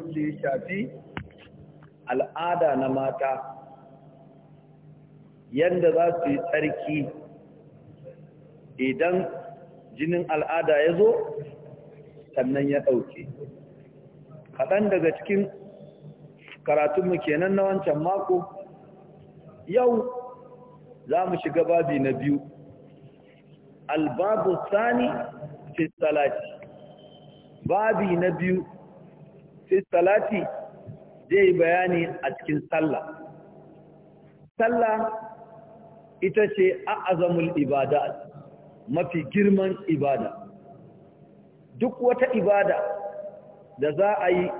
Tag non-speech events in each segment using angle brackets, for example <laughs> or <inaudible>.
abin da ya shafi al'ada na mata yadda za su yi tsarki idan jinin al'ada ya zo sannan ya ɗauke kaɗan daga cikin karatunmu kenan na wancan mako yau za mu shiga babi na biyu albabu sani fi salati babi na biyu fi salati zai bayani a cikin sallah sallah ita ce a'azamul ibada mafi girman ibada duk wata ibada da za a yi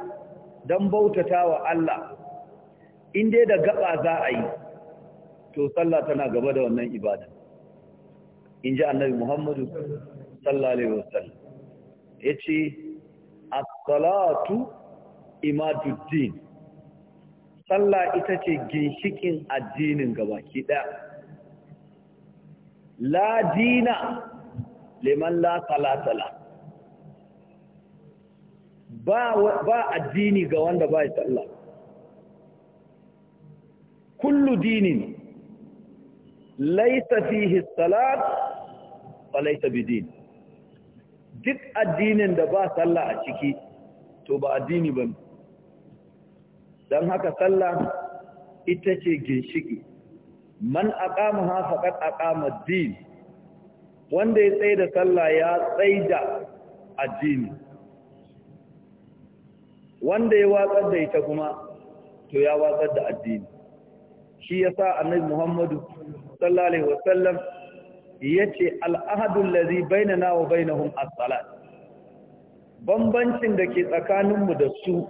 don bautata wa Allah inda da gaba za a yi to sallah tana gaba da wannan ibada in ji annabi Muhammadu sallallahu alaihi wasallam yace as-salatu imaduddin sallah ita ce ginshikin addinin gabaki ɗaya la dina liman la salatala ba addini ga wanda ba ya sallah kullu dinin laysa fihi salat fa laisa bidin duk addinin da ba sallah a ciki to ba addini bane don haka sallah ita ce ginshiki man aqama ha faqat aqama din wanda ya tsaye da sallah ya tsaye da addini wanda ya watsar da ita kuma to ya watsar da addini shi yasa annabi Muhammadu sallallahu alaihi wasallam yace al'ahadu allazi bainana wa bainahum as-salat bambancin da ke tsakaninmu da su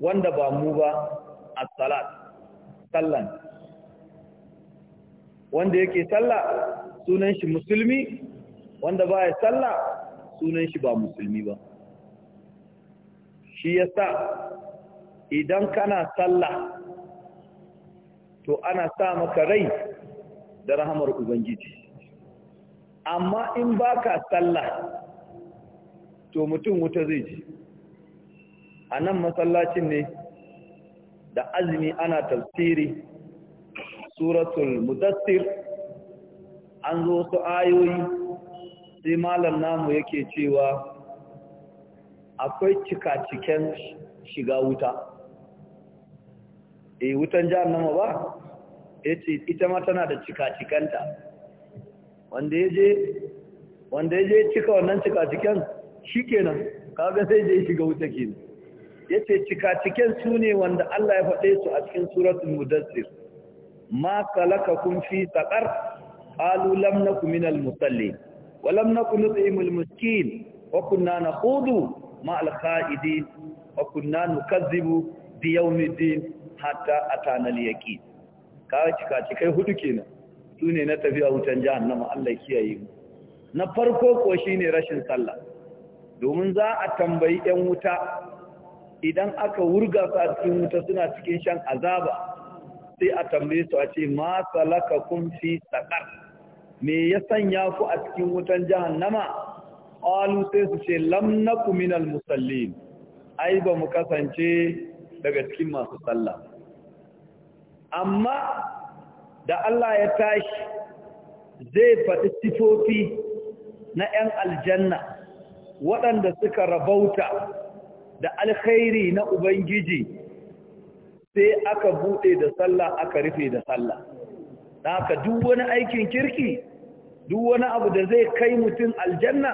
wanda ba mu ba a salat sallan wanda yake salla sunan shi musulmi wanda ba ya sallah sunan shi ba musulmi ba shi yasa idan kana sallah to ana sa maka rai da rahamar ubangiji amma in baka salla to mutum wuta zai ji a nan masallacin ne da azumi ana tafsiri suratul mudassir an zo su ayoyi sai malam namu yake cewa akwai cika-ciken shiga wuta e wutan jahannama ba yace ita ma tana da cika-cikanta wanda yaje wanda yaje cika wannan cika-ciken shikenan kaga sai je shiga wuta kenan Ya yace cikaciken su ne wanda Allah ya faɗe su a cikin suratun mudassir ma kun fi saqar qalu lamna kuminal musalli, wa lamna nakum nut'imul miskin wa kunna hudu ma'al kha'idin wa kunna nukazzibu bi yawmiddin hatta atana al ka cikacikai hudu kenan su ne na tafiya wutan jahannama Allah kiyaye mu na farko ko shine rashin sallah domin za a tambayi 'yan wuta idan aka wurga su a cikin wuta suna cikin shan azaba sai a tambaye su a ce ma salaka kun fi sakar me ya sanya ku a cikin wutan jahannama alu sai su ce lam ku minal musallin ai ba mu kasance daga cikin masu sallah amma da Allah ya tashi zai faɗi sifofi na 'yan aljanna waɗanda suka rabauta da alkhairi na ubangiji sai aka bude da sallah aka rufe da sallah haka duk wani aikin kirki duk wani abu da zai kai mutum aljanna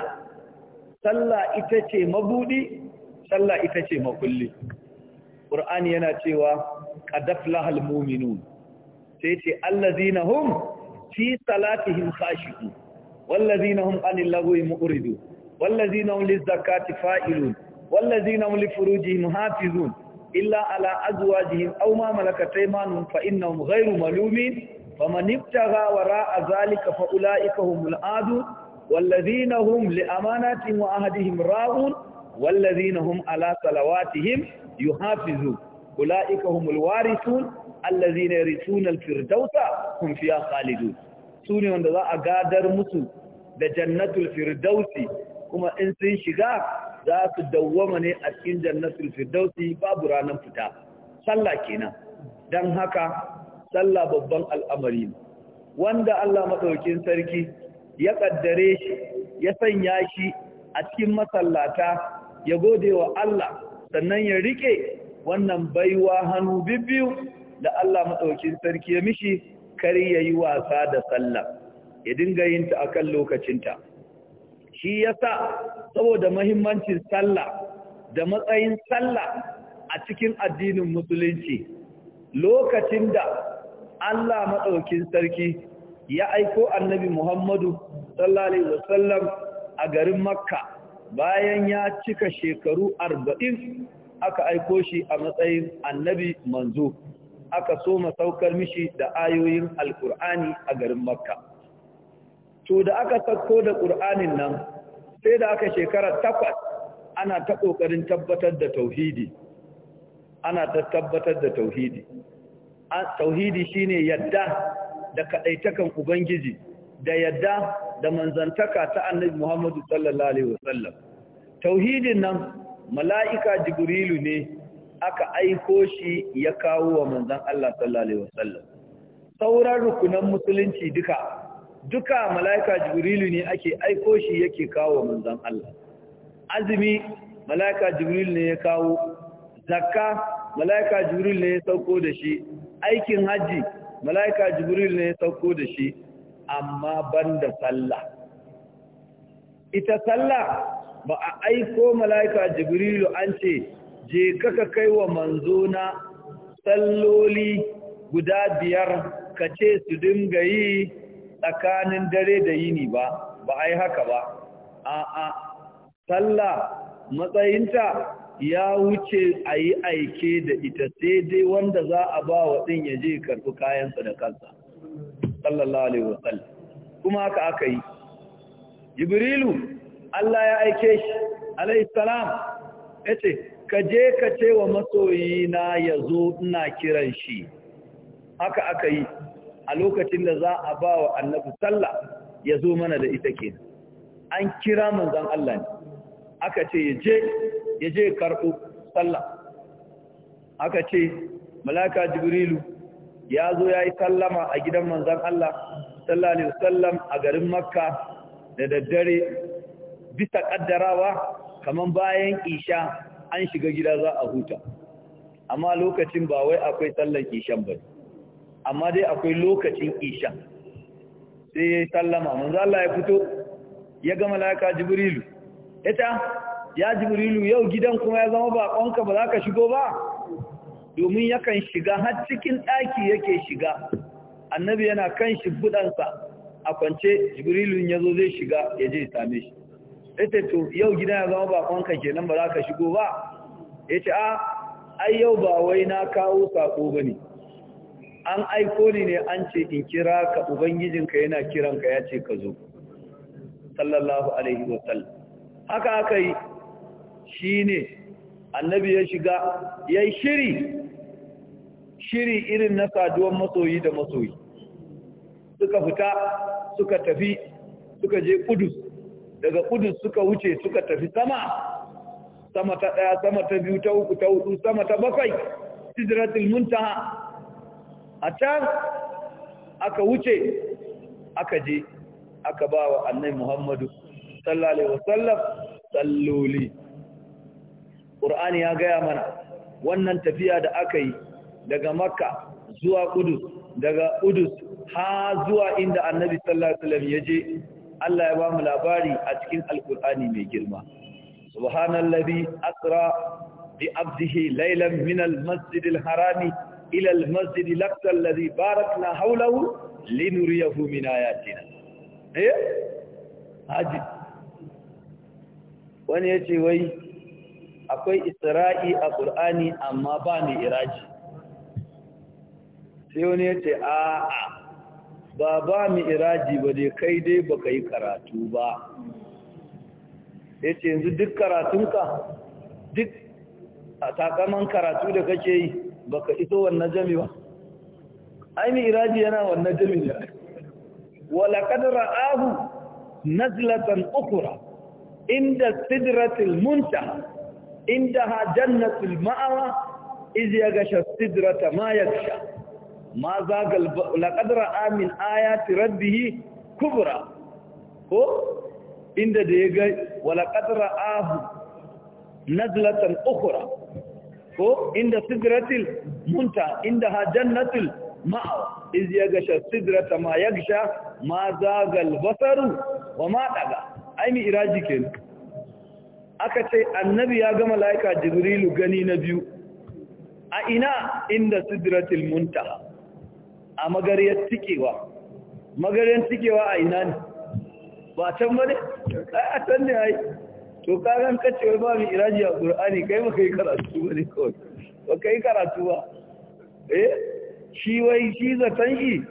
sallah ita ce mabudi sallah ita ce makulli qur'ani yana cewa ƙadaf lahal mu'minun sai ce allazina hum fi salatihim khashi'un wallazina hum anil lagwi mu'ridun wallazina hum lizakati fa'ilun wallazina hum li furujihim hafizun illa ala azwajihim aw ma malakat aymanuhum fa innahum ghayru malumin faman ibtagha wara'a zalika fa ulaika humul adun wallazina hum li amanatihim wa ahdihim ra'un wallazina hum ala salawatihim yuhafizun ulaika humul warithun allazina yarithuna al-firdausa hum fiha khalidun sune wanda za a gadar musu da jannatul firdausi kuma in sun shiga za su dawwama ne a cikin jannatul firdausi babu ranar fita sallah kenan dan haka sallah babban al'amari wanda Allah madaukakin sarki ya kaddare shi ya sanya shi a cikin masallata ya gode wa Allah sannan ya rike wannan baiwa hannu bibbiyu da Allah madaukakin sarki ya mishi kar yayi wasa da sallah ya dinga yin ta akan lokacinta shi yasa saboda mahimmancin sallah da matsayin sallah a cikin addinin musulunci lokacin da Allah maɗaukin sarki ya aiko annabi Muhammadu sallallahu alaihi wasallam a garin Makka bayan ya cika shekaru arba'in aka aiko shi a matsayin annabi manzo aka so masaukar mishi da ayoyin alkur'ani a garin makka to da aka sako da ƙur'anin nan sai da aka shekara takwas ana ta ƙoƙarin tabbatar da tauhidi ana ta tabbatar da tauhidi tauhidi shine yadda da kaɗaitakan ubangiji da yadda da manzantaka ta annabi muhammadu sallallahu alaihi wasallam tauhidin nan mala'ika jibrilu ne aka aiko shi ya kawo wa manzan Allah sallallahu alaihi wasallam sauran rukunan musulunci duka duka mala'ika jibrilu ne ake aiko shi yake kawo manzan Allah azumi mala'ika jibrilu ne ya kawo zakka mala'ika jibrilu ne ya sauko da shi aikin hajji mala'ika jibrilu ne ya sauko da shi amma banda sallah ita sallah ba a aiko mala'ika jibrilu an ce je kaka kai manzo na salloli guda biyar kace su dinga yi tsakanin dare da yini ba ba a yi haka ba a'a sallah matsayinta ya wuce a yi aike da ita sai dai wanda za a ba wa ɗin ya je karɓi kayansa da kansa sallallahu alaihi wasallam kuma haka aka yi jibrilu Allah ya aike shi alaihi salam ya ce ka je ka ce wa masoyi na ya zo ina kiran shi haka aka yi a lokacin da za a ba wa annabi sallah ya zo mana da ita ke an kira manzan Allah ne aka ce ya je ya je karɓo sallah aka ce malaka jibrilu ya zo ya yi sallama a gidan manzan Allah sallallahu alaihi a garin makka da daddare bisa kaddarawa kamar bayan isha an shiga gida za a huta amma lokacin ba wai akwai sallan ishan bane amma dai akwai lokacin isha sai ya yi sallama manzo Allah ya fito ya ga malaka jibrilu ita ah, ya jibrilu yau gidan kuma ya zama baƙonka ba za ka shigo ba domin yakan shiga har cikin ɗaki yake shiga annabi yana kan shi buɗansa a kwance jibrilun ya zo zai shiga ya je same shi ita to yau gidan ya zama baƙonka kenan ba za ka shigo ba ya ce a ah, ai yau ba wai na kawo sako ba ne an aiko ni ne an ce in kira ka ubangijinka yana kiranka ya ce ka zo sallallahu alaihi wa sallam haka aka yi shi ne annabi ya shiga ya shiri shiri irin na saduwan masoyi da masoyi suka fita suka tafi suka je kudus daga kudus suka wuce suka tafi sama sama ta ɗaya sama ta biyu ta uku ta hudu sama ta bakwai sidratul muntaha a can aka wuce aka je aka ba wa annai muhammadu wa wasallam salloli ƙur'ani ya gaya mana wannan tafiya da aka yi daga makka zuwa ƙudus daga ƙudus ha zuwa inda annabi sallallahu ya je Allah ya ba mu labari a cikin alƙur'ani mai girma subhanallazi asra bi abdihi laylan minal, masjidil harami ila almasjid laqta alladhi barakna hawlahu linuriyahu min ayatina eh haji wani yace wai akwai isra'i a qur'ani amma ba ni sai wani yace a a ba ba ba dai kai dai baka yi karatu ba yace yanzu duk karatunka duk a takaman karatu da kake yi baka iso wannan jami ba aini iraji yana wannan jami ne wala kadara ahu nazlatan ukura inda sidratil munta inda ha jannatul ma'awa iz ya gasha sidrata ma yaksha ma za gal zagal laƙadara amin ayati rabbih kubra ko inda da yaga wala ƙadara ahu nazlatan ukura ko inda sidratil munta inda ha jannatul ma'awa iz ya gasha sidrata ma ya gasha ma zagal basaru wa ma daga ai mi iraji ken aka ce annabi ya ga malaika jibrilu gani na biyu a ina inda sidratil Munta, a magariyar tikewa magariyar tikewa a ina ne ba can ba ne a can ne ai to kagan kacewar ba mu iraji a ƙur'ani kai maka kai karatu ba ne kawai ba kai karatu ba eh shi wai shi za shi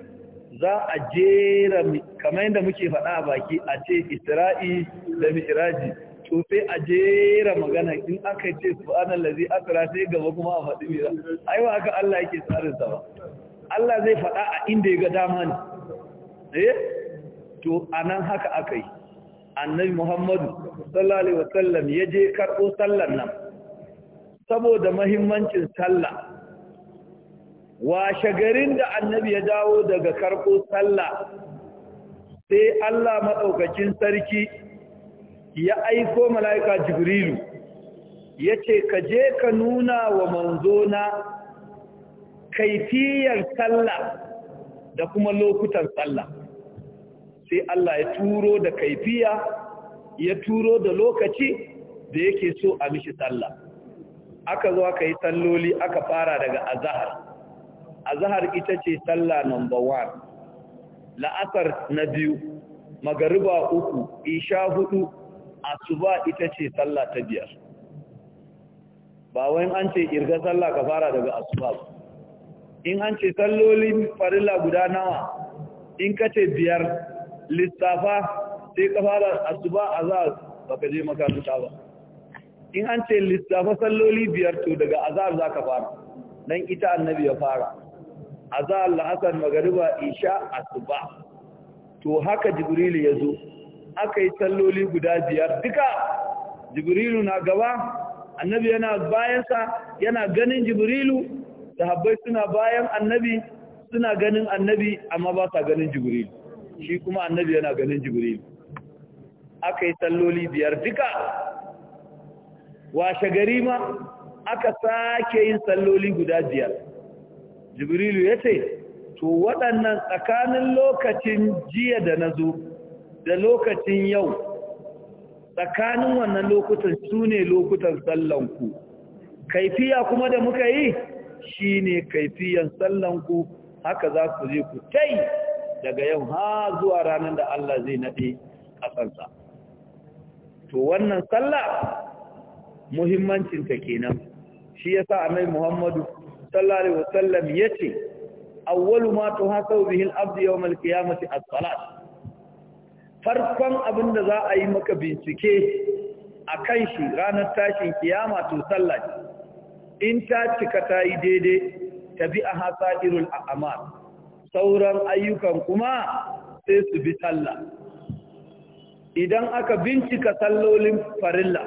za a jera kamar yadda muke faɗa a baki a ce isra'i da mai iraji to sai a jera magana in aka ce subhanal ladzi asra sai gaba kuma a faɗi mira ai ba haka Allah yake tsarin sa ba Allah zai faɗa a inda ya ga dama ne eh to anan haka aka yi annabi Muhammadu sallallahu alaihi wasallam ya je karɓo sallar nan saboda mahimmancin sallah washe garin da annabi ya dawo daga karɓo sallah sai Allah maɗaukakin sarki ya aiko mala'ika jibrilu ya ce ka je ka nuna wa manzona kaifiyar sallah da kuma lokutan sallah sai Allah ya turo da kaifiya ya turo da lokaci da yake so a mishi sallah aka zo aka yi salloli aka fara daga azahar azahar ita ce sallah number one la'asar na biyu magariba uku isha hudu asuba ita ce sallah ta biyar ba wai an ce irga sallah ka fara daga asuba in an ce sallolin farilla guda nawa in ka ce biyar lissafa sai ka fara asuba ba ka je makaranta ba in an ce lissafa salloli biyar to daga za ka fara dan ita annabi ya fara azhar la'asar magariba isha asuba to haka jibril ya zo aka yi salloli guda biyar duka jibrilu na gaba annabi yana bayansa yana ganin jibrilu sahabbai suna bayan annabi suna ganin annabi amma ba sa ganin jibrilu shi kuma annabi yana ganin jibril aka yi salloli biyar duka washe gari ma aka sake yin salloli guda biyar jibrilu ya ce to waɗannan tsakanin lokacin jiya da nazo da lokacin yau tsakanin wannan lokutan su ne lokutan sallanku kaifiya kuma da muka yi shi ne kaifiyan sallanku haka za ku je ku tai daga yau ha zuwa ranar da Allah zai naɗe ƙasarsa. To wannan sallah muhimmancinta kenan, shi ya sa Annabi Muhammadu sallallahu Alaihi wasallam ya ce, Awwalu ma tu hasau bihin abdu yau malkiyamati a salat. Farkon abin da za a yi maka bincike a kan shi ranar tashin kiyama to sallah in ta cika ta yi daidai, ta bi a hasa irul a'amal. sauran ayyukan kuma sai su bi sallah idan aka bincika sallolin farilla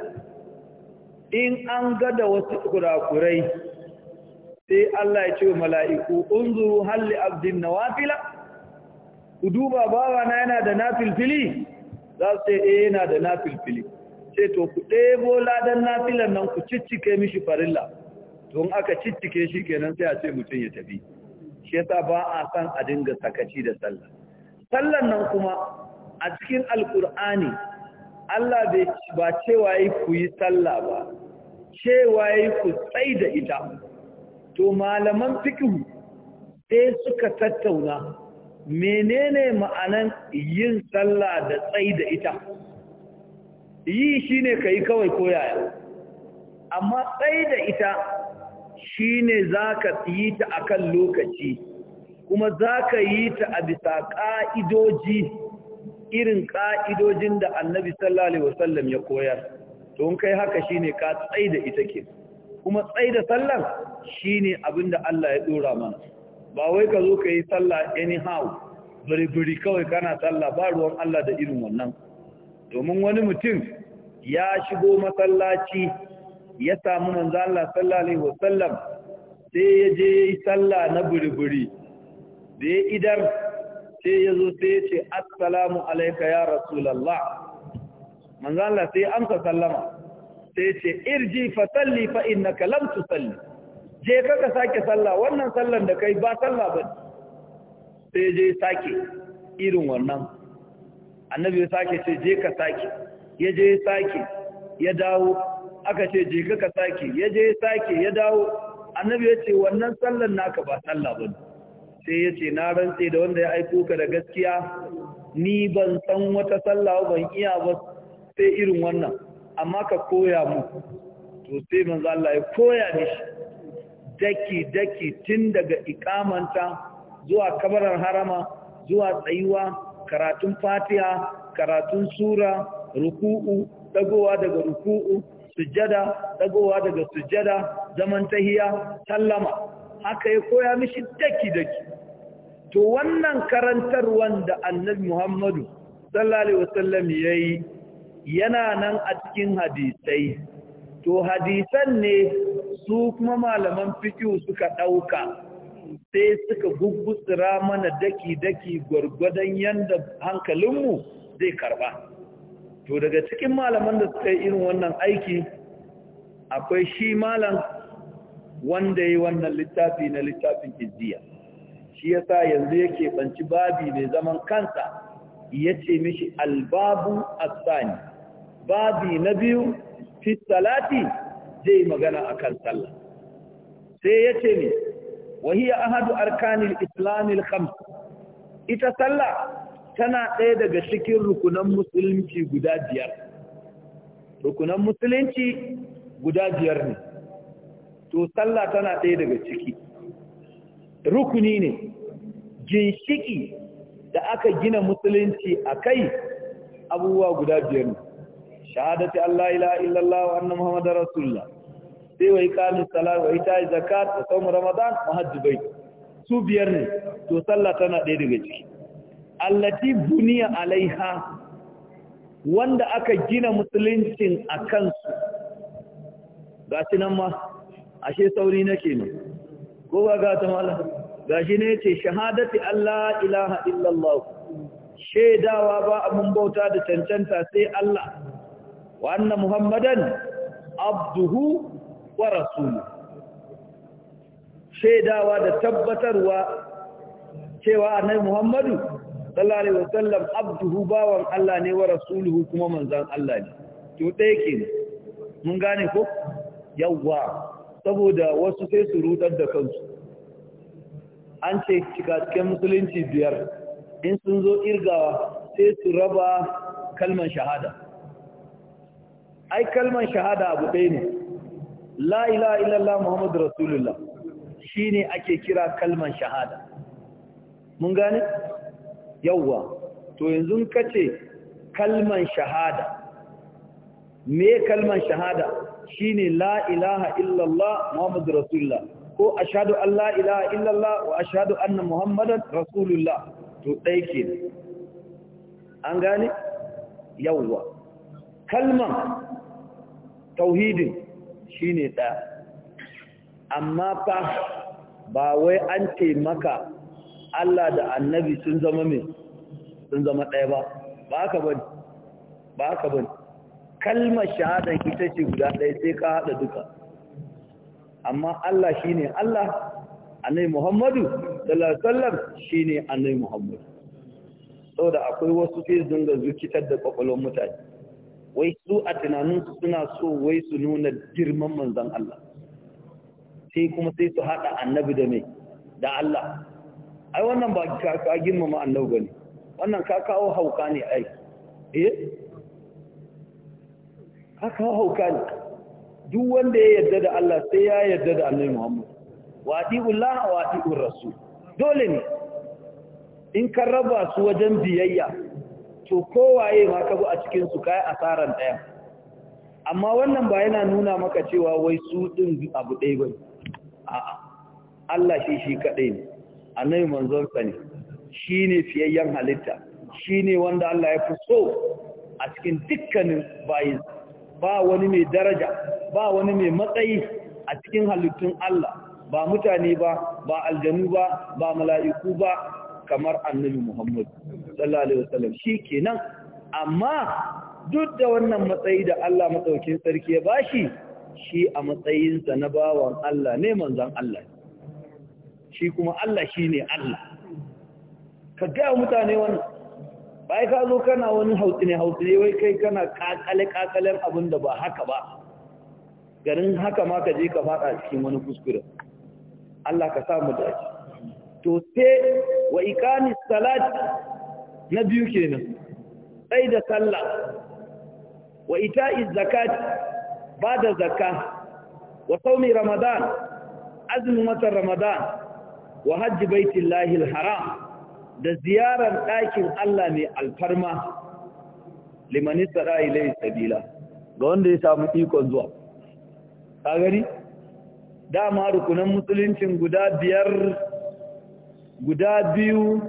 in an ga da wasu kurakurai sai Allah ya ce wa mala'iku unzuru halli abdin nawafila ku duba bawa na yana da fili? za su ce eh yana da nafilfili Sai to ku ɗebo ladan nafilan nan ku ciccike mishi farilla don aka ciccike shi kenan sai a ce mutum ya tafi shi yasa ba a san a dinga sakaci da sallah sallan nan kuma a cikin alkur'ani Allah bai ba cewa yi ku yi sallah ba cewa yi ku tsai da ita to malaman fikihu sai suka tattauna menene ma'anan yin sallah da tsai da ita yi shine kai kawai koyaya amma tsai da ita shi ne za ka yi ta a kan lokaci kuma za ka yi ta a bisa ƙa'idoji irin ƙa'idojin da annabi sallallahu Alaihi wasallam ya koyar to in kai haka shi ne ka tsai da ita ke kuma tsai da sallan shi ne abin da Allah ya ɗora mana ba wai ka zo ka yi sallah anyhow bari-bari kawai kana sallah ba ruwan Allah da irin wannan domin wani mutum ya shigo masallaci ya samu za Allah sallallahu alaihi wasallam sai ya je yi sallah na buriburi da ya idar sai ya zo sai ya ce assalamu alaika ya rasulallah manzo Allah sai amsa sallama sai ya ce irji fa salli fa innaka lam tusalli je ka ka sake sallah wannan sallan da kai ba sallah ba sai je sake irin wannan annabi ya sake ce je ka sake ya je sake ya dawo aka ce je ka sake ya je ya sake ya dawo annabi ya ce wannan sallan naka ba sallah bane sai ya ce na rantse da wanda ya aiko ka da gaskiya ni ban san wata sallah ban iya ba sai irin wannan amma ka koya mu to sai manzo Allah ya koya ni daki daki tun daga ikamanta zuwa kabarar harama zuwa tsayuwa karatun fatiha karatun sura ruku'u dagowa daga ruku'u sujjada dagowa daga sujjada zaman tahiya sallama haka ya koya mishi daki daki to wannan karantarwan da annabi Muhammadu sallallahu alaihi wasallam yayi yana nan a cikin hadisai to hadisan ne su kuma malaman fiqh suka dauka sai suka guggutsira mana daki-daki gwargwadon yanda hankalinmu zai karba. to daga cikin malaman da suka yi irin wannan aiki akwai shi malam wanda yi wannan littafi na littafin izziya shi yasa yanzu yake banci babi mai zaman kansa yace mishi albabu asani babi na biyu fi salati zai magana akan sallah sai yace ne wahiya ahadu arkanil islamil khams ita sallah tana ɗaya daga cikin rukunan musulunci guda biyar rukunan musulunci guda biyar ne to sallah tana ɗaya daga ciki rukuni ne ginshiki da aka gina musulunci a kai abubuwa guda biyar ne shahadati Allah ila illallah wa annan muhammadar rasulullah sai wa kalin salar wa yi zakat da sawm ramadan wa su biyar ne to sallah tana ɗaya daga ciki allati buniya alaiha wanda aka gina musuluncin a kansu ga shi nan ma ashe sauri nake ne ko ba ga ta mala ga shi ne ce shahadati Allah ilaha illallah shaidawa ba abun bauta da cancanta sai Allah wa muhammadan abduhu wa rasuluhu shaidawa da tabbatarwa cewa annabi muhammadu sallallahu alaihi wasallam abduhu bawan Allah ne wa rasuluhu kuma manzan Allah ne to da yake mun gane ko yawwa saboda wasu sai su rudar da kansu an ce cikakken musulunci biyar in sun zo irgawa sai su raba kalman shahada ai kalman shahada abu ɗaya ne la ilaha illallah muhammadu rasulullah shine ake kira kalman shahada mun gane yawwa to yanzu ka ce kalman shahada me kalman shahada shine la ilaha illallah muhammadu rasulullah ko ashhadu an la ilaha illallah wa ashhadu anna muhammadan rasulullah to dai ke an gane yawwa kalman tauhidin shi ne ɗaya amma fa ba wai an taimaka. Allah da annabi sun zama mai sun zama ɗaya ba ba haka ba ba haka ba kalmar shahadan ita ce guda ɗaya sai ka haɗa duka amma Allah shine Allah annabi Muhammadu sallallahu alaihi wasallam shine annabi Muhammadu saboda akwai wasu sai zunga zukitar da kwakwalwar mutane wai su a tunaninsu suna so wai su nuna girman manzon Allah sai kuma sai su haɗa annabi da mai da Allah ai wannan ba ka girmama annabi bane wannan ka kawo hauka ne ai eh ka kawo hauka ne duk wanda ya yarda da Allah sai ya yarda da annabi Muhammad wa atiullah wa atiur rasul dole ne in ka raba su wajen biyayya to kowaye ma ka bi a cikin su kai asaran daya amma wannan ba yana nuna maka cewa wai su din abu ɗaya bane a'a Allah shi shi kadai ne annabi manzon sa ne shine fiyayyen halitta shine wanda Allah ya fi so a cikin dukkanin bayin ba wani mai daraja ba wani mai matsayi a cikin halittun Allah ba mutane ba ba aljanu ba ba mala'iku ba kamar annabi Muhammad sallallahu alaihi wasallam shikenan amma duk da wannan matsayi da Allah matsaukin sarki ya bashi shi a matsayinsa na bawan Allah ne manzon Allah shi kuma Allah shi ne Allah ka gaya mutane wannan ba ka zo kana wani hautsine hautsine wai kai kana kakale kakalen abin da ba haka ba garin haka ma ka je ka fada cikin wani kuskure Allah ka sa mu to sai wa ikani salat na biyu kenan sai da sallah wa is zakat ba da zakka wa saumi ramadan azumin watan ramadan wa hajji baitin lahil haram da ziyarar ɗakin Allah mai alfarma liman istara ilayhi sabila ga wanda ya samu ikon zuwa Ta gani dama rukunan musuluncin guda biyar guda biyu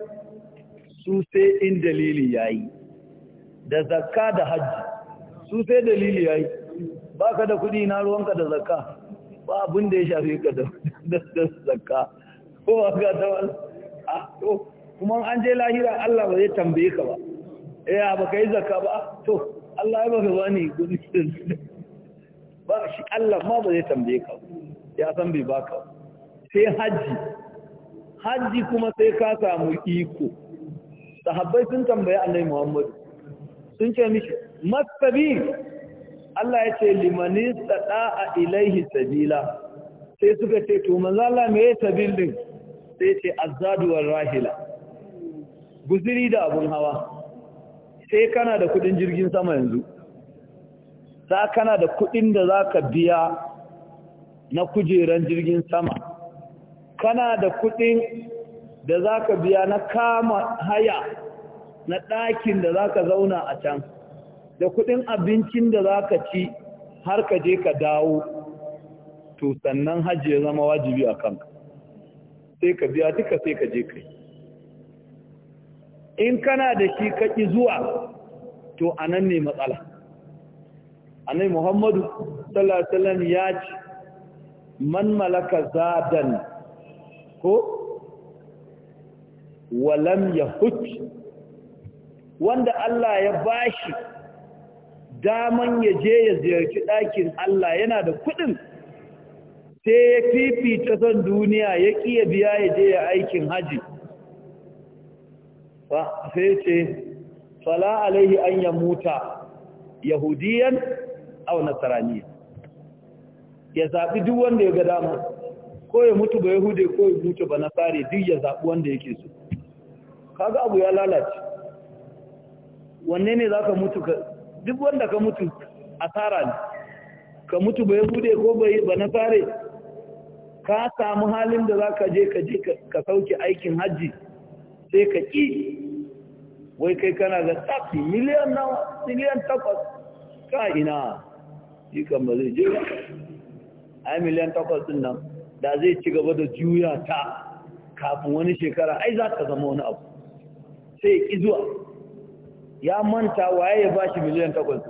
su sai in dalili yi da zakka da hajji su sai dalili ba ka da kudi na ruwanka da zakka ba abin da ya shafi ka da zakka ko ba ga ta wani a to kuma an je lahira Allah ba zai tambaye ka ba eh ba kai zakka ba to Allah ya baka bani gudu <laughs> ba shi Allah ma ba zai tambaye ka ya san bai baka sai haji haji kuma sai ka samu iko sahabbai sun tambaye Annabi Muhammad sun ce mishi masabi Allah ya ce limanin sada'a ilaihi sabila sai suka ce to manzo Allah me ya sabil din sai ce azaduwar rahila guziri da abun hawa sai kana da kudin jirgin sama yanzu sa kana da kudin da za ka biya na kujeran jirgin sama kana da kudin da za ka biya na kama haya na ɗakin da za ka zauna a can da kudin abincin da za ka ci har ka je ka dawo to sannan hajji ya zama wajibi a kanka sai ka biya duka sai ka je kai in kana da shi kaƙi zuwa to anan ne matsala annai muhammadu sallallahu alaihi ya ce man malaka zadan ko walam yahut wanda Allah ya bashi daman ya je ya ziyarci ɗakin Allah yana da kuɗin sai ya fifita son duniya ya kiya biya ya je ya aikin haji ba sai ce fala alaihi an ya muta yahudiyan au nasaraniya ya zaɓi duk wanda ya ga dama ko ya mutu ba yahudi ko ya mutu ba nasari duk ya zaɓi wanda yake so kaga abu ya lalace wanne ne za ka mutu ka duk wanda ka mutu asara ne ka mutu ba yahudi ko ba nasari ka samu halin da za ka je ka je ka sauke aikin hajji sai ka ƙi wai kai kana ga tafi miliyan nawa miliyan takwas ka ina yi kan ba zai je ba ai miliyan takwas din nan da zai ci gaba da juya ta kafin wani shekara ai za ka zama wani abu sai ƙi zuwa ya manta waye ya bashi miliyan takwas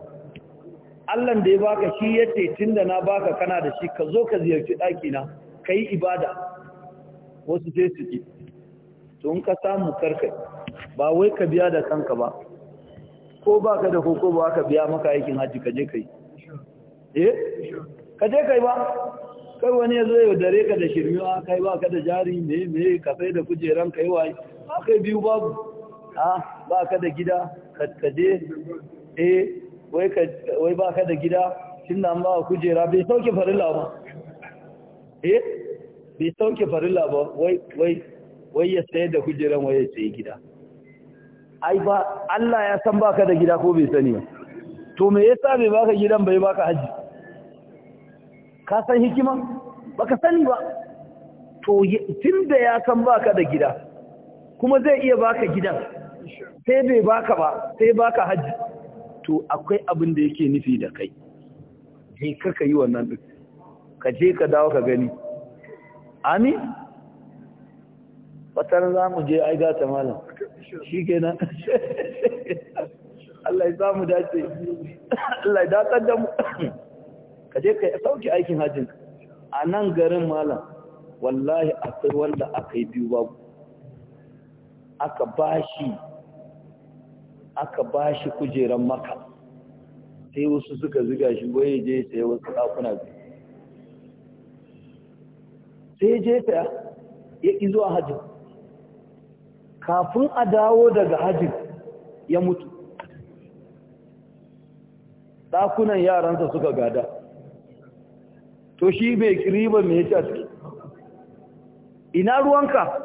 Allah da ya baka shi ya ce tun da na baka kana da shi ka zo ka ziyarci ɗakina ka yi ibada wasu sai su ki to in ka samu karkai ba wai ka biya da kanka ba ko ba ka da koko ba ka biya maka aikin haji ka je ka yi eh ka je ka yi ba kai wani ya zo ya dare ka da shirmiwa ah, kai ba ka da jari me me ka sai da kujeran kai waye ba kai biyu babu ha ba ka da gida ka je eh wai ba ka da gida tun nan ba kujera bai sauke farilla ba eh bai sauke farilla ba wai ya sayar da kujeran wai ya sayi gida ai ba Allah ya san baka da gida ko bai sani ba to me yasa bai baka gidan bai baka haji ka san hikima baka sani ba to tunda ya san baka da gida kuma zai iya baka gidan sai bai baka ba sai baka haji to akwai abin da yake nufi da kai sai kaka yi wannan duk ka je ka dawo ka gani amin watan za mu je ai gata malam shi kenan <laughs> Allah ya samu dace Allah ya datar da mu <coughs> ka je ka sauki aikin hajjin a nan garin malam wallahi akwai wanda aka yi biyu babu aka bashi aka bashi kujeran maka sai wasu suka ziga shi waye je sai wasu ɗakuna biyu sai je ta ya ƙi zuwa hajji kafin a dawo daga hajji ya mutu ɗakunan yaransa suka gada to shi bai kiriba mai ya ciki ina ruwanka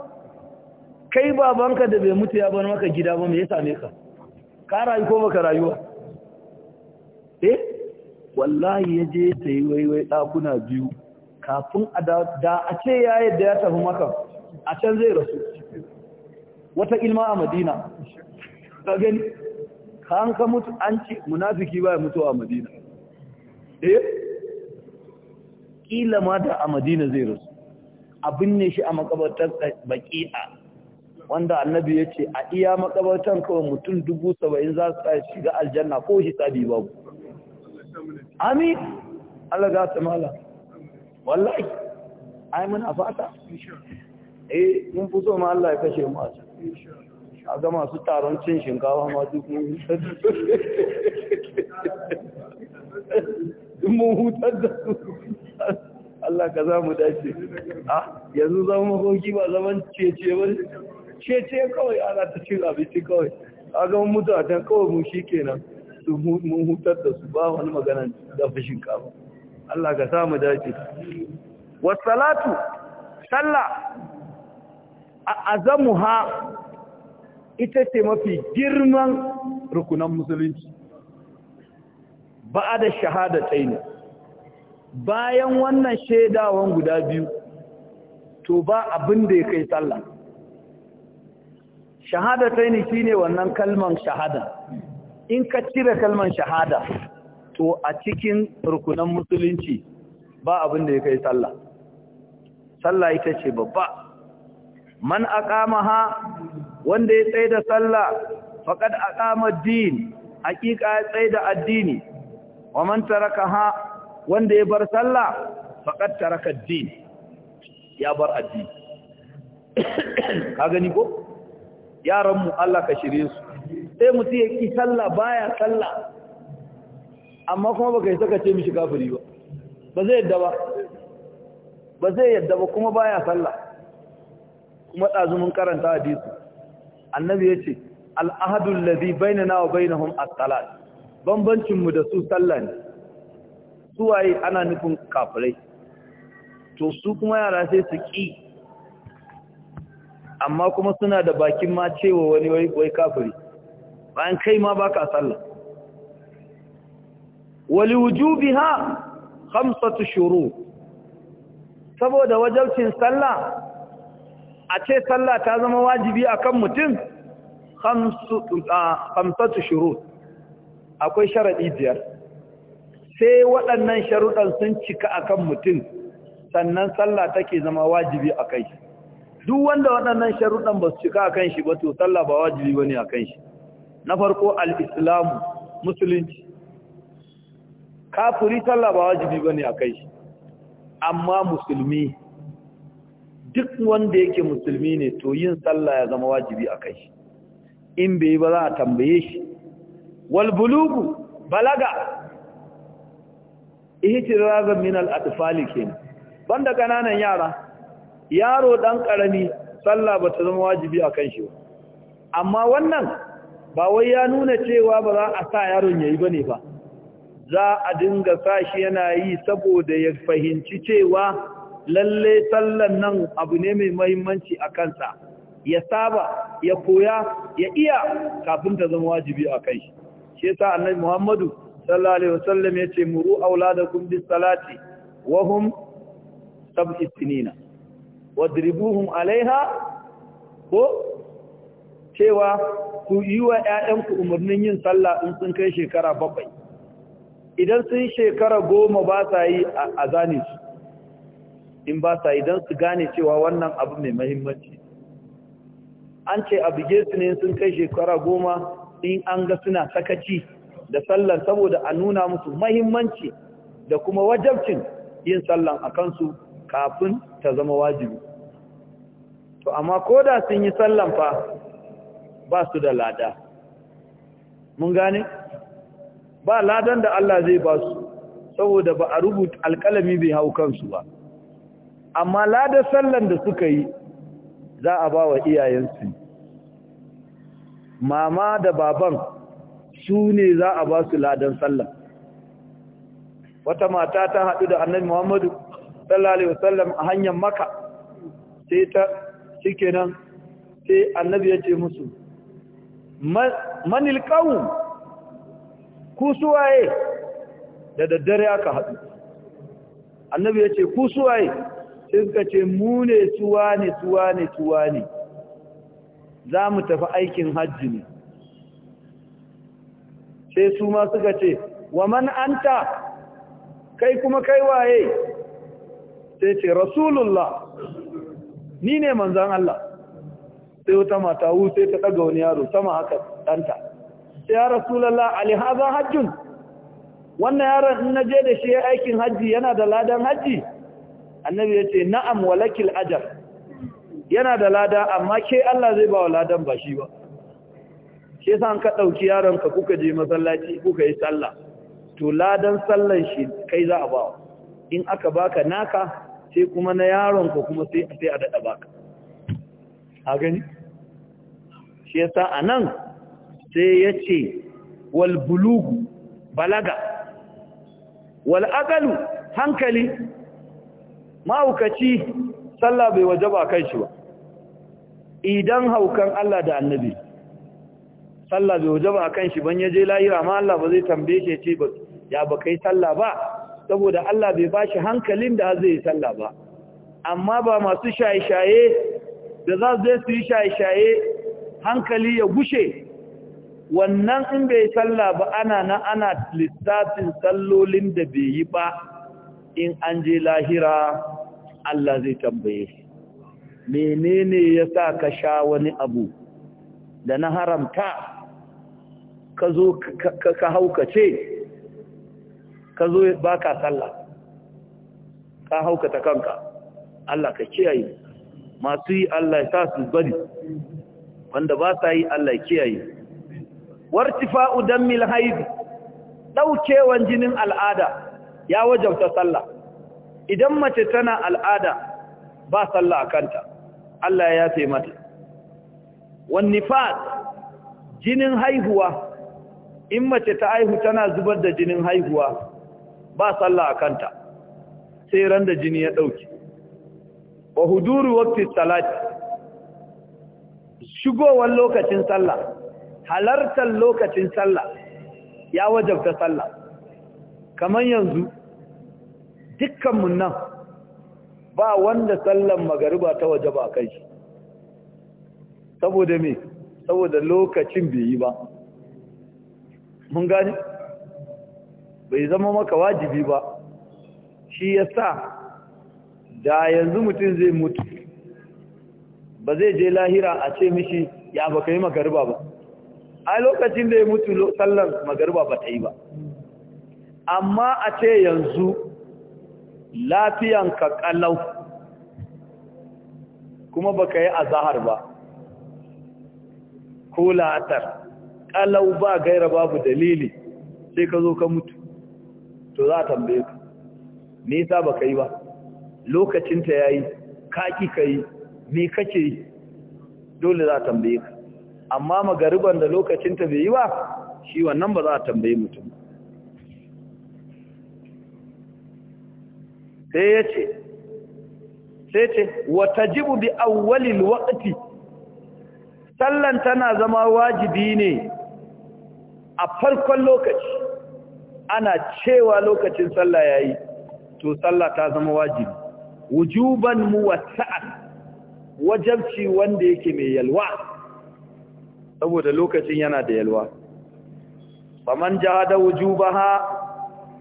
kai babanka da bai mutu ya bar maka gida ba mai ya same ka ka rayu ko baka rayuwa eh wallahi ya je ta yi waiwai ɗakuna biyu kafin da a ce ya yadda ya tafi maka a can zai rasu wata ilma a madina ka gani ka an ka mutu an ce munafiki ba ya mutu a madina eh kila ma da a madina zai rasu abin ne shi a makabartar a. wanda annabi ya ce a iya makabartar kawai mutum dubu saba'in za su shiga aljanna ko hisabi babu amin Allah ga ta mala wallahi ai muna fata eh mun fito ma Allah ya kashe mu a a ga masu taron cin shinkawa ma duk mun mun hutar da su Allah ka za mu dace ah yanzu zama makoki ba zaman cece ba cece kawai ana ta cin abinci kawai a ga mutatan kawai mu shi kenan mun hutar da su ba wani magana da fi shinkafa Allah ka samu dace wassalatu sallah ha ita ce mafi girman rukunan musulunci ba da shahada tsaye bayan wannan shaidawan guda biyu to ba abin da ya kai salla shahada tsaye shine wannan kalman shahada in ka cire kalman shahada to a cikin rukunan musulunci ba abin da ya kai sallah sallah ita ce babba man ha wanda ya tsaye da sallah faqad aqama din haqiqa ya tsaye da addini wa man ha wanda ya bar sallah faqad taraka din ya bar addini <coughs> ka gani ko yaran mu Allah ka shirye su sai mutum ya ki sallah baya sallah amma kuma baka yi saka ce mishi kafiri ba ba zai yadda ba ba zai yadda ba kuma baya sallah kuma dazumin karanta hadisi annabi yace al-ahadu alladhi bainana wa bainahum as-salat bambancin mu da su sallah ne su waye ana nufin kafirai to su kuma yara sai su ki amma kuma suna da bakin ma cewa wani wai kafiri bayan kai ma baka sallah ولوجوبها خمسة شروط saboda wajabcin sallah a ce sallah ta zama wajibi akan mutum khamsatu shurut akwai sharadi biyar sai waɗannan sharuɗan sun cika akan mutum sannan sallah take zama wajibi akai duk wanda waɗannan sharuɗan ba su cika akan shi ba to sallah ba wajibi bane akan shi na farko al-islamu musulunci kafiri talla ba wajibi bane a kai amma musulmi duk wanda yake musulmi ne to yin sallah ya zama wajibi a kai in bai ba za a tambaye shi wal bulugu balaga ihtirazan min al atfal kin banda kananan yara yaro dan karami sallah ba ta zama wajibi a kan shi amma wannan ba wai ya nuna cewa ba za a sa yaron yayi bane ba za a dinga sashi yana yi saboda ya fahimci cewa lalle sallan nan abu ne mai mahimmanci a kansa ya saba ya koya ya iya kafin ta zama wajibi a kai shi shi yasa annabi Muhammadu sallallahu alaihi wasallam yace muru auladakum bis salati wa hum sab'i sinina wadribuhum alaiha ko cewa ku yi wa ƴaƴanku umarnin yin sallah in sun kai shekara bakwai idan sun shekara goma ba sa yi a zane su in ba sa idan su gane cewa wannan abu mai mahimmanci an ce a buge ne sun kai shekara goma in an ga suna sakaci da sallan saboda a nuna musu mahimmanci da kuma wajabcin yin sallan a kansu kafin ta zama wajibi to amma ko da sun yi sallan fa ba su da lada mun gane ba ladan da Allah zai ba su saboda ba a rubuta alkalami bai hau kansu ba amma ladan sallan da suka yi za a ba wa iyayensu mama da baban su ne za a ba su ladan sallan wata mata ta haɗu da annabi muhammadu sallallahu alaihi wasallam a hanyar maka sai ta shikenan sai annabi ya ce musu manil qawm ku suwaye da daddare aka haɗu annabi ya ce ku suwaye sai suka ce mu ne su ne su ne su ne za mu tafi aikin hajji ne sai su ma suka ce wa man anta kai kuma kai waye sai ce rasulullah ni ne manzan Allah sai wata mata wu sai ta ɗaga wani yaro sama aka ɗanta ya rasulallah alihaza hajjun wannan yaron in na je da shi aikin hajji yana da ladan hajji annabi ya ce na'am walakil ajar yana da lada amma ke Allah zai ba wa ladan ba shi ba shi yasa ka dauki yaron ka kuka je masallaci kuka yi sallah to ladan sallan shi kai za a ba in aka baka naka sai kuma na yaron ka kuma sai sai a dada baka a gani shi yasa anan sai ya ce walbulugu balaga wal'akalu hankali mahaukaci sallah bai wajaba kan shi ba idan haukan Allah da annabi sallah bai wajaba kan shi ban je lahira ma Allah ba zai tambaye shi ce ya ba kai sallah ba saboda Allah bai ba shi hankalin da zai yi sallah ba amma ba masu shaye-shaye da za je su yi shaye-shaye hankali ya gushe wannan in bai salla ba ana na ana lissafin sallolin da bai yi ba in an je lahira Allah zai tambaye shi menene ya sa ka sha wani abu da na haramta ka zo ka haukace ka zo ba ka sallah ka haukata kanka Allah ka kiyaye masu yi Allah ya sa su bari wanda ba sa yi Allah ya kiyaye wartifa'u mil haidi Ɗaukewan jinin al'ada ya wajabta sallah idan mace tana al'ada ba sallah kanta Allah ya yafe mata wan nifas jinin haihuwa in mace ta haihu tana zubar da jinin haihuwa ba sallah kanta sai ran da jini ya dauke wa huduru waqti salati shigowar lokacin sallah halartar lokacin sallah ya wajabta sallah kaman yanzu dukkanmu nan ba wanda sallan magariba ta wajaba kai shi saboda me saboda lokacin bai yi ba mun gani bai zama maka wajibi ba shi yasa da yanzu mutum zai mutu ba zai je lahira a ce mishi ya baka yi magariba ba a lokacin da ya mutu sallan magarba ba ta yi ba amma a ce yanzu lafiyanka kalau kuma ba ka yi a zahar ba ko latar kalau ba gaira babu dalili sai ka zo ka mutu to za a tambaye ka nisa ka yi ba lokacinta ya yayi kaki yi me kake dole za a tambaye ka amma magariban da lokacinta bai yi ba shi wannan ba za a tambayi mutum sai ya ce sai ce wata jibu bi awwalil waƙati? sallan tana zama wajibi ne a farkon lokaci ana cewa lokacin sallah yayi to sallah ta zama wajibi wujuban muwassa'an wajabci wanda yake mai yalwa saboda lokacin yana da yalwa faman jahada wujubaha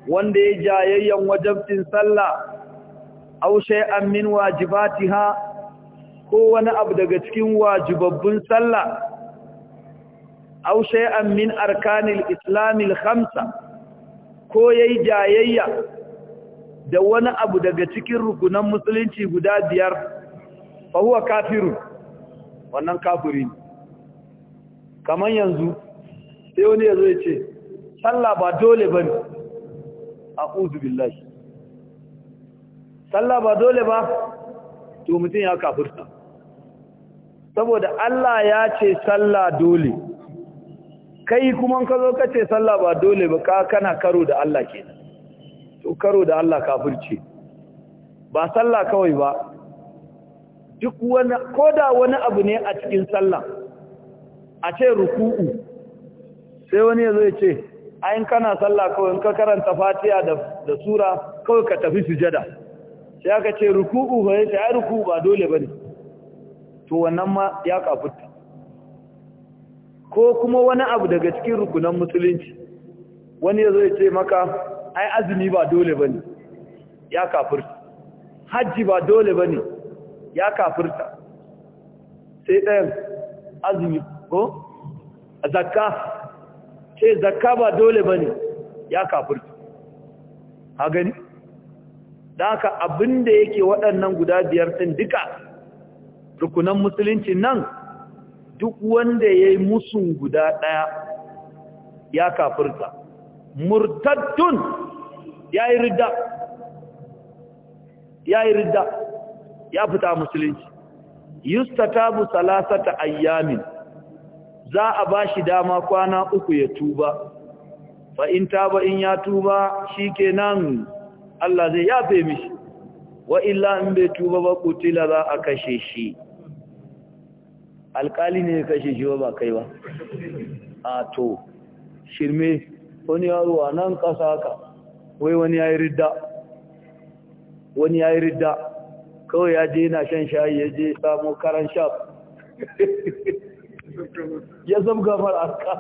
wanda ya jayayyan wajabtin sallah aw shay'an min wajibatiha ko wani abu daga cikin wajibabbun sallah aw shay'an min arkanil islamil khamsa ko yayi jayayya da wani abu daga cikin rukunan musulunci guda biyar fa huwa kafirun wannan kafiri kamar yanzu sai wani ya zo ya ce sallah ba dole ba ne a ƙudu sallah ba dole ba to mutum ya kafirta saboda Allah ya ce sallah dole kai kuma ka zo ka ce sallah ba dole ba ka kana karo da Allah kenan to karo da Allah kafirce ba sallah kawai ba duk wani koda wani abu ne a cikin sallah a ce ruku'u sai wani ya zo ya ce ayin kana sallah kawai in ka karanta fatiha da sura kawai ka tafi sujada sai aka ce ruku'u ba ya ce ai ruku'u ba dole ba ne to wannan ma ya kafuta ko kuma wani abu daga cikin rukunan musulunci wani ya zo ya ce maka ai azumi ba dole ba ne ya kafurta hajji ba dole ba ne ya kafurta sai ɗayan azumi ko zakka ce zakka ba dole ba ne. ya kafirta ha gani da haka abinda yake waɗannan guda biyar ɗin duka rukunan musulunci nan duk wanda ya yi musun guda ɗaya ya kafirta murtattun ya yi ridda ya yi ridda ya fita musulunci ta salasa ta ayyamin za a ba shi dama kwana uku ya tuba fa in taba in ya tuba shikenan Allah zai yafe mishi wa illa in bai tuba ba kutila za a kashe shi alkali ne ya kashe shi ba kai ba a to shirme wani yaro a nan ƙasa ka wai wani ya yi ridda wani ya yi ridda kawai ya je na shan shayi ya je samun karan shaf <laughs> ya zabga mar aka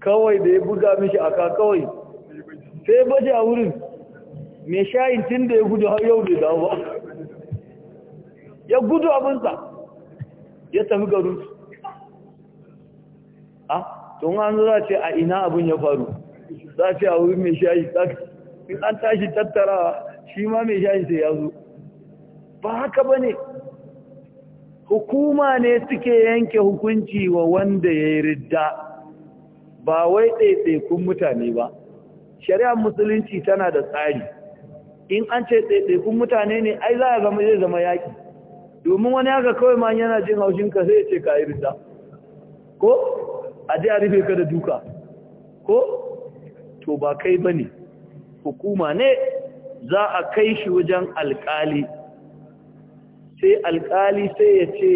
kawai da ya buga mishi aka kawai sai baje a wurin mai shayin tun da ya gudu har yau da ya ba ya gudu abinsa ya tafi garu a tun hannu za ce a ina abin ya faru za ce a wurin mai shayi in an tashi tattara shi ma mai shayi sai ya zo ba haka ba ne hukuma ne suke yanke hukunci wa wanda ya yi ridda ba wai ɗaiɗaikun mutane ba shari'ar musulunci tana da tsari in an ce ɗaiɗaikun mutane ne ai za a zama zai zama yaƙi domin wani haka kawai ma yana jin haushinka sai ya ce ka yi ridda ko a ji a rufe ka da duka ko to ba kai ba ne hukuma ne za a kai shi wajen alƙali sai alkali sai ya ce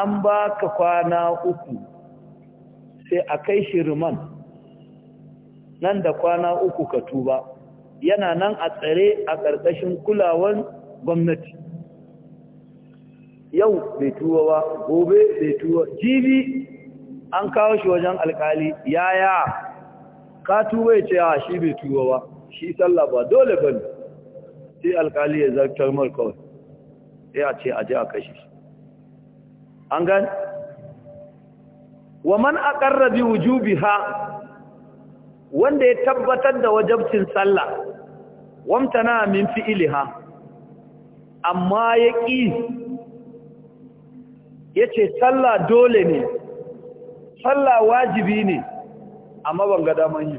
an ba ka kwana uku sai a kai shi riman nan da kwana uku ka tuba yana nan a tsare a ƙarƙashin kulawar gwamnati yau bai tuwa ba gobe bai tuwa jibi an kawo shi wajen alkali yaya ka tuba ya ce shi bai tuwa ba shi sallaba dole ba ne sai alkali ya zartar mar sai a ce a ji a kashe shi an gani wa man aqarra bi wujubiha wanda ya tabbatar da wajibcin sallah wamtana min fi'liha amma ya ya yace sallah dole ne sallah wajibi ne amma ban ga daman yi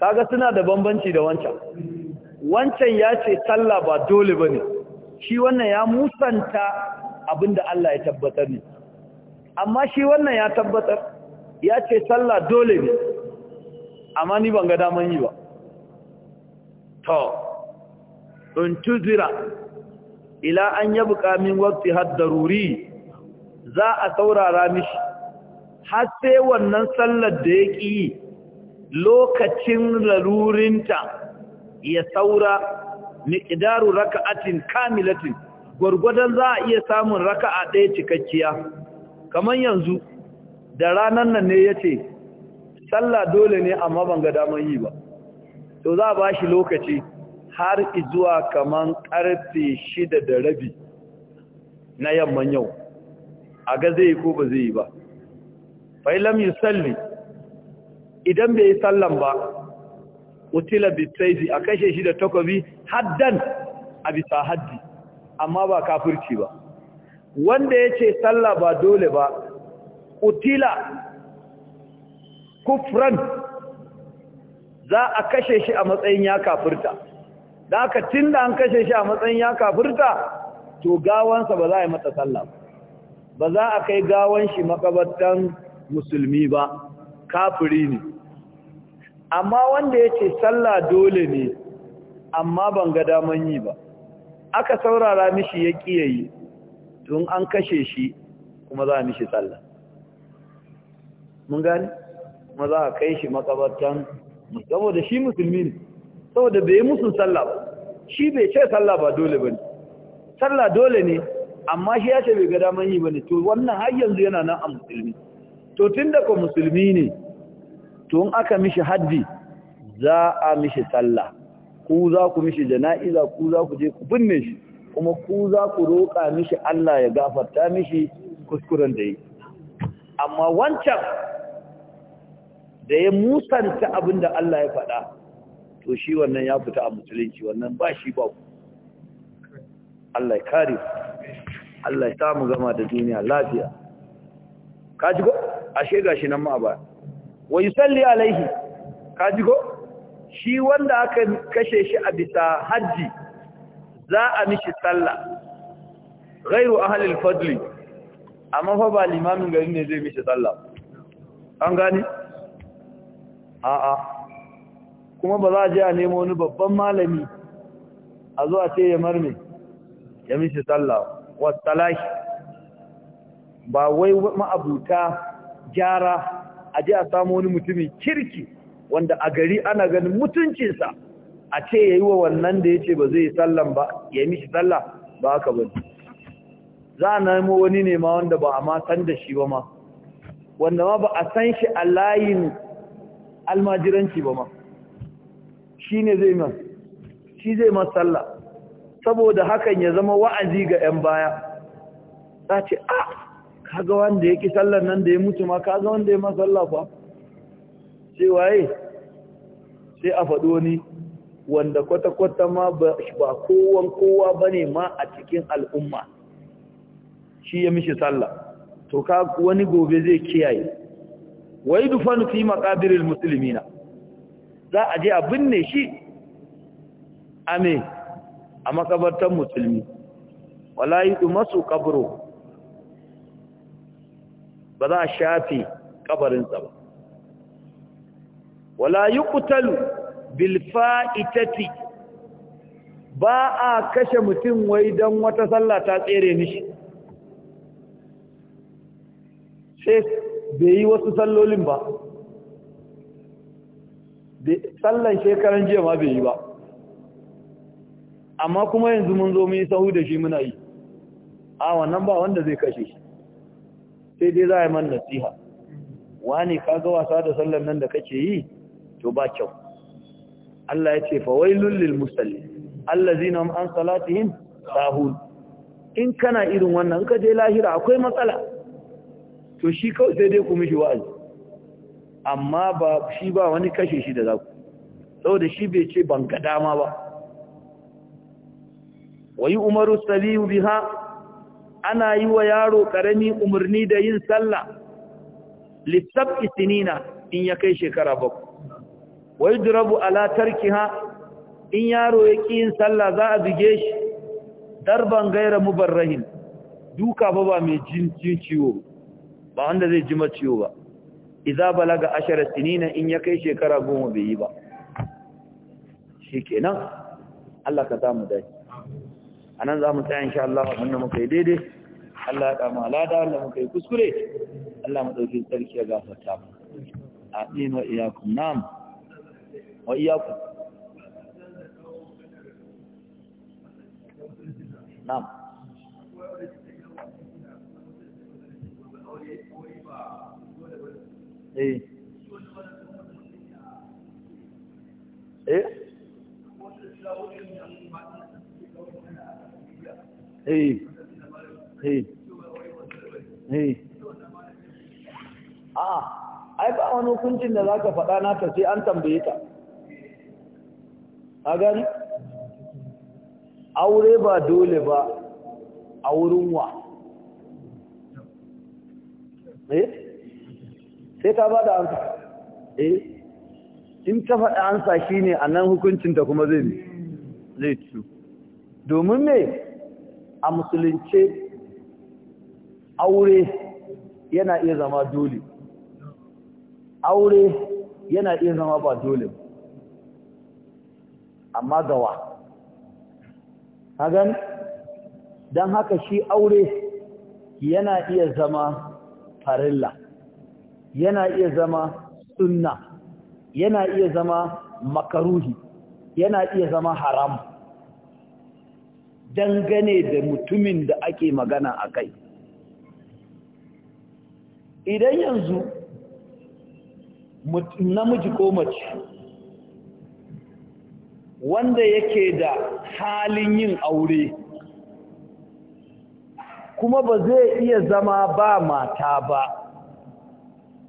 kaga suna da bambanci da wancan wancan yace sallah ba dole bane shi wannan ya musanta abinda Allah ya tabbatar ne amma shi wannan ya tabbatar ya ce sallah dole ne amma ni ban ga daman yi ba to in tuzira ila an yabqa min waqti daruri za a saurara mishi har sai wannan sallar da ya ƙi lokacin larurinta ya saura miqdaru raka'atin kamilatin gurgudan za a iya samun raka'a ɗaya cikakkiya kaman yanzu da ranan nan ne yace sallah dole ne amma ban ga daman yi ba to za a ba shi lokaci har zuwa kaman karfe shida da rabi na yamman yau a ga zai ko ba zai yi ba failam yusalli idan bai yi sallan ba utila bitaifi a kashe shi da takobi haddan a bisa haddi amma ba kafirci ba wanda ya ce sallah ba dole ba utila kufran za a kashe shi a matsayin ya kafirta da aka tinda an kashe shi a matsayin ya kafirta to gawansa ba za a yi mata sallah ba za a kai gawan shi makabartan musulmi ba kafiri ne amma wanda ya ce sallah dole ne amma ban ga daman yi ba aka saurara mishi ya kiyayi tun an kashe shi kuma za a mishi sallah mun gani kuma za a kai shi makabartan saboda shi musulmi ne saboda bai yi musu sallah ba shi bai ce sallah ba dole ba ne sallah dole ne amma shi ya ce bai ga daman yi ba ne to wannan har yanzu yana nan a musulmi to tun da musulmi ne to in aka mishi haddi za a mishi sallah ku za ku mishi jana'iza ku za ku je ku binne shi kuma ku za ku roƙa mishi Allah ya gafarta mishi kuskuren da yi amma wancan da ya musanta abinda da Allah ya faɗa to shi wannan ya fita a musulunci wannan ba shi ba Allah ya kare Allah ya samu gama da duniya lafiya ka ji ashe gashi nan ma ba Wai salli alaihi ko? shi wanda aka kashe shi a bisa hajji za a mishi sallah ghairu ahlil fadli amma fa ba limamin gari ne zai mishi sallah an gani? a a kuma ba za a je a nemo wani babban malami a zuwa ce ya marme ya mishi sallah wasalahi ba wai ma'abuta gyara a je a samu wani mutumin kirki wanda a gari ana ganin mutuncinsa a ce ya yi wa wannan da ya ce ba zai yi sallan ba ya mishi salla, ba haka ba za a namo wani ne ma wanda ba a ma san da shi ba ma wanda ma ba a san shi a layin almajiranci ba ma shi ne zai ma shi zai ma salla, saboda hakan ya zama wa'azi ga 'yan baya za ce a ah, kaga wanda ya ƙi sallar nan da ya mutu ma kaga wanda ya ma sallah fa sai waye sai a faɗo ni. wanda kwata-kwata ma ba kowan kowa ba ne ma a cikin al'umma shi ya mishi sallah to ka wani gobe zai kiyaye wai dufanu fi maqabiril muslimina za a je a binne shi ame a makabartar musulmi wala du masu kabro ba za a shafe kabarinsa ba wala yuqtalu bil fa'itati ba a kashe mutum wai dan wata sallah ta tsere mishi sai bai yi wasu sallolin ba sallan shekaran jiya ma bai yi ba amma kuma yanzu mun zo mun yi sahu da shi muna yi a wannan ba wanda zai kashe shi sai dai za a yi man nasiha wani kaga wasa da sallar nan da kake yi to ba kyau Allah ya ce fawailul lil musalli allazina an salatihim sahun in kana irin wannan ka je lahira akwai matsala to shi kawai sai dai ku mishi wa'azi amma ba shi ba wani kashe shi da zaku saboda shi bai ce ban ga dama ba wayi umaru saliu biha ana yi wa yaro karami umarni da yin sallah lissab'i sinina in ya kai shekara bakwai wai durabu ala tarkiha in yaro ya ƙi yin sallah za a bige shi darban gaira mubarrahin duka ba ba mai jin ciwo ba wanda zai jima ciwo ba iza balaga ashara sinina in ya kai shekara goma bai yi ba shi kenan Allah ka mu dace a nan za mu tsaya insha Allah wannan muka yi daidai Allah ya dama alada wanda muka yi kuskure Allah mu ɗauki sarki ya gafarta mu amin wa iyakum nam wa iyakum nam eh eh Ah, ai ba wani hukuncin da za ka faɗa ta sai an tambaye ka a gani aure ba dole ba a wurin wa eh? sai sai ba bada ansa eh in ka faɗa ansa shine a hukuncin hukuncinta kuma zai zai tsu domin me a musulunce aure yana iya zama dole aure yana iya zama ba dole amma gawa hagan don haka shi aure yana iya zama farilla yana iya zama sunna yana iya zama makaruhi yana iya zama haramu dangane da mutumin da ake magana a kai idan yanzu namiji ko mace wanda yake da halin yin aure kuma ba zai iya zama ba mata ba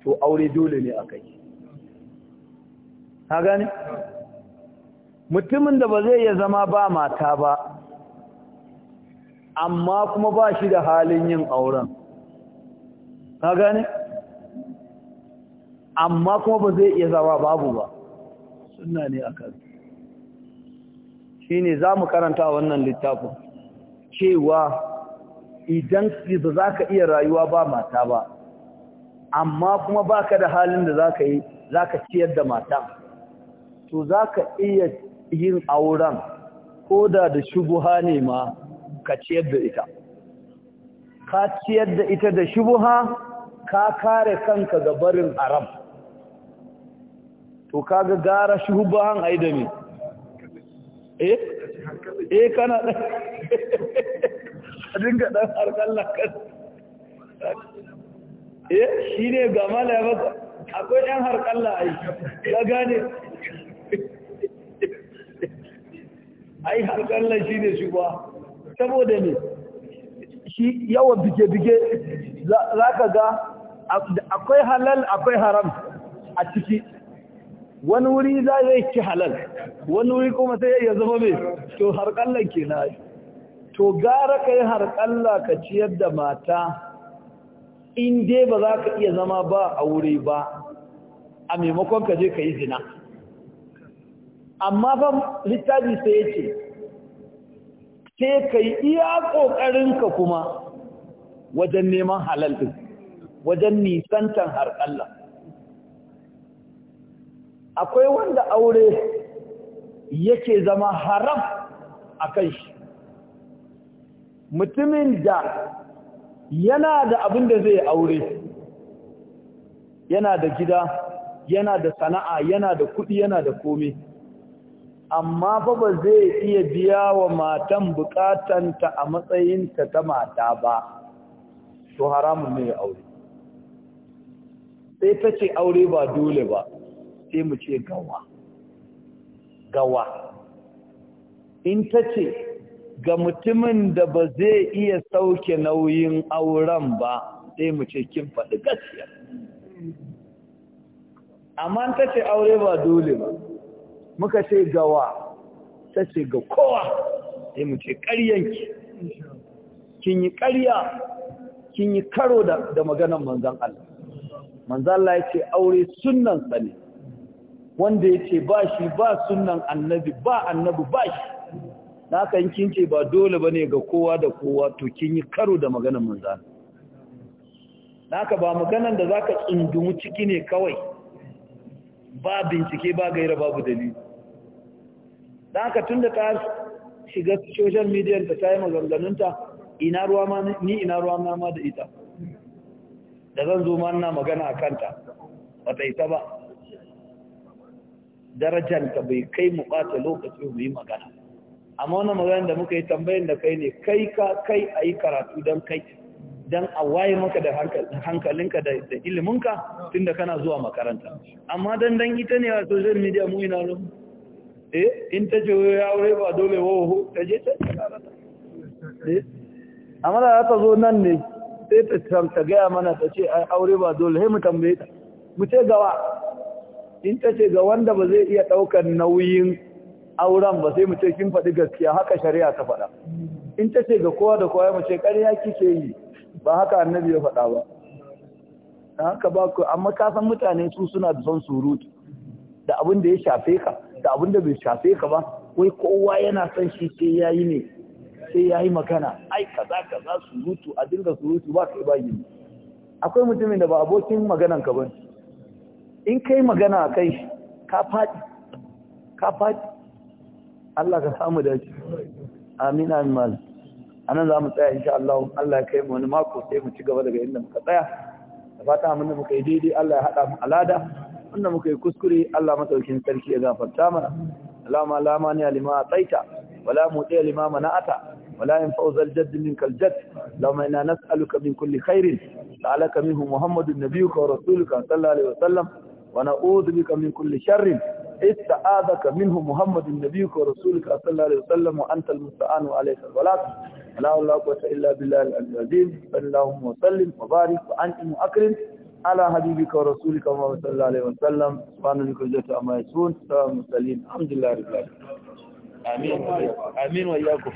to aure dole ne a kai ha gani? mutumin da ba zai iya zama ba mata ba amma kuma ba shi da halin yin auren ka gane amma kuma ba zai iya zama babu ba suna ne a kan shi ne za mu karanta wannan littafin cewa idan ba za ka iya rayuwa ba mata ba amma kuma ba ka da halin da za ka yi za ka ciyar da mata to za ka iya yin auren ko da da shubuha ne ma ka ciyar da ita ka ciyar da ita da shubuha ka kare kanka ga barin haram to kaga gara shubuhan aidami da eh eh kana da <laughs> dinga dan harkallan ka eh shine ga malaya maka akwai dan harkalla ai ka gane <laughs> ai ne shine shubha saboda ne shi yawan bige-bige za ka ga akwai halal akwai haram a ciki wani wuri za yi ci halal wani wuri kuma sai ya zama mai to harƙallan ke na to gara ka yi harƙalla ka ciyar da mata in dai ba za ka iya zama ba a wuri ba a maimakon ka je ka yi zina amma fa littafi sai ya ce sai ka yi iya ƙoƙarinka kuma wajen neman halal ɗin wajen nisantan harƙalla akwai wanda aure yake zama haram a kan shi mutumin da yana da abin da zai aure yana da gida yana da sana'a yana da kuɗi yana da komai amma fa ba zai iya biya wa matan bukatanta a matsayinta ta mata ba to haramun ne ya aure sai ta ce aure ba dole ba sai mu ce gawa gawa in ta ce ga mutumin da ba zai iya sauke nauyin auren ba sai mu ce kin faɗi gaskiya amma ta ce aure ba dole ba muka ce gawa ta ce ga kowa sai mu ce ƙaryanki kin yi ƙarya kin yi karo da maganan manzan Allah manzan Allah ya ce aure sunan ne wanda ya ce ba shi ba sunan annabi ba annabi ba shi na aka ce ba dole ba ne ga kowa da kowa to kin yi karo da maganan manzan naka ba maganan da za ka tsundumu ciki ne kawai ba bincike ba gaira babu dalili da haka tun da ta shiga social media ta ta yi maganganunta ina ruwa ma ni ina ruwa na ma da ita da zan zo ma magana a kanta ba ta ita ba darajanta bai kai mu bata lokaci mu yi magana amma wani magana da muka yi tambayin da kai ne kai ka kai a yi karatu don kai don a waye maka da hankalinka da iliminka tun da kana zuwa makaranta amma don don ita ne a social media mu ina ruwa. eh in ta ce ya aure ba dole wawo ta je ta eh, amma da ta zo nan ne sai ta ta gaya mana ta ce ai aure ba dole sai mu tambaye ta mu ce gawa in ta ce ga wanda ba zai iya daukar nauyin auren ba sai mu ce kin faɗi gaskiya haka shari'a ta faɗa in ta ce ga kowa da kowa mu ce ƙarya kike yi ba haka annabi ya faɗa ba haka ba ku amma ka san mutane su suna da son surutu da abin da ya shafe ka da abin da bai shafe ka ba wai kowa yana son shi sai ya yi ne sai ya yi makana ai kaza kaza surutu a dinga surutu ba kai ba yi akwai mutumin da ba abokin maganan ka ba in kai magana a kai ka faɗi ka faɗi Allah ka samu da shi amin amin mal nan za mu tsaya insha Allah Allah ya kai mu wani mako sai mu ci gaba daga inda muka tsaya da fata mun muka yi daidai Allah ya haɗa mu alada wanda muka yi kuskure Allah masaukin sarki ya gafarta mana lama lama ne a tsaita wala limama na ata. wala in fawzal jadd min kal jadd lama ina nas'aluka min kulli khairin ta'alaka min muhammadun nabiyyuka rasuluka sallallahu wa sallam wa na'udhu bika min kulli sharrin ista'adaka minhu muhammadun nabiyyuka wa rasuluka sallallahu wa sallam wa antal musta'an wa alayka al walat la ilaha illa billah al azim sallallahu wa sallim wa barik wa antum akrim ala habibika wa rasulika wa sallallahu alaihi wasallam subhanallahi wa ta'ala ma yasun sawa muslimin alhamdulillah amin wa iyyakum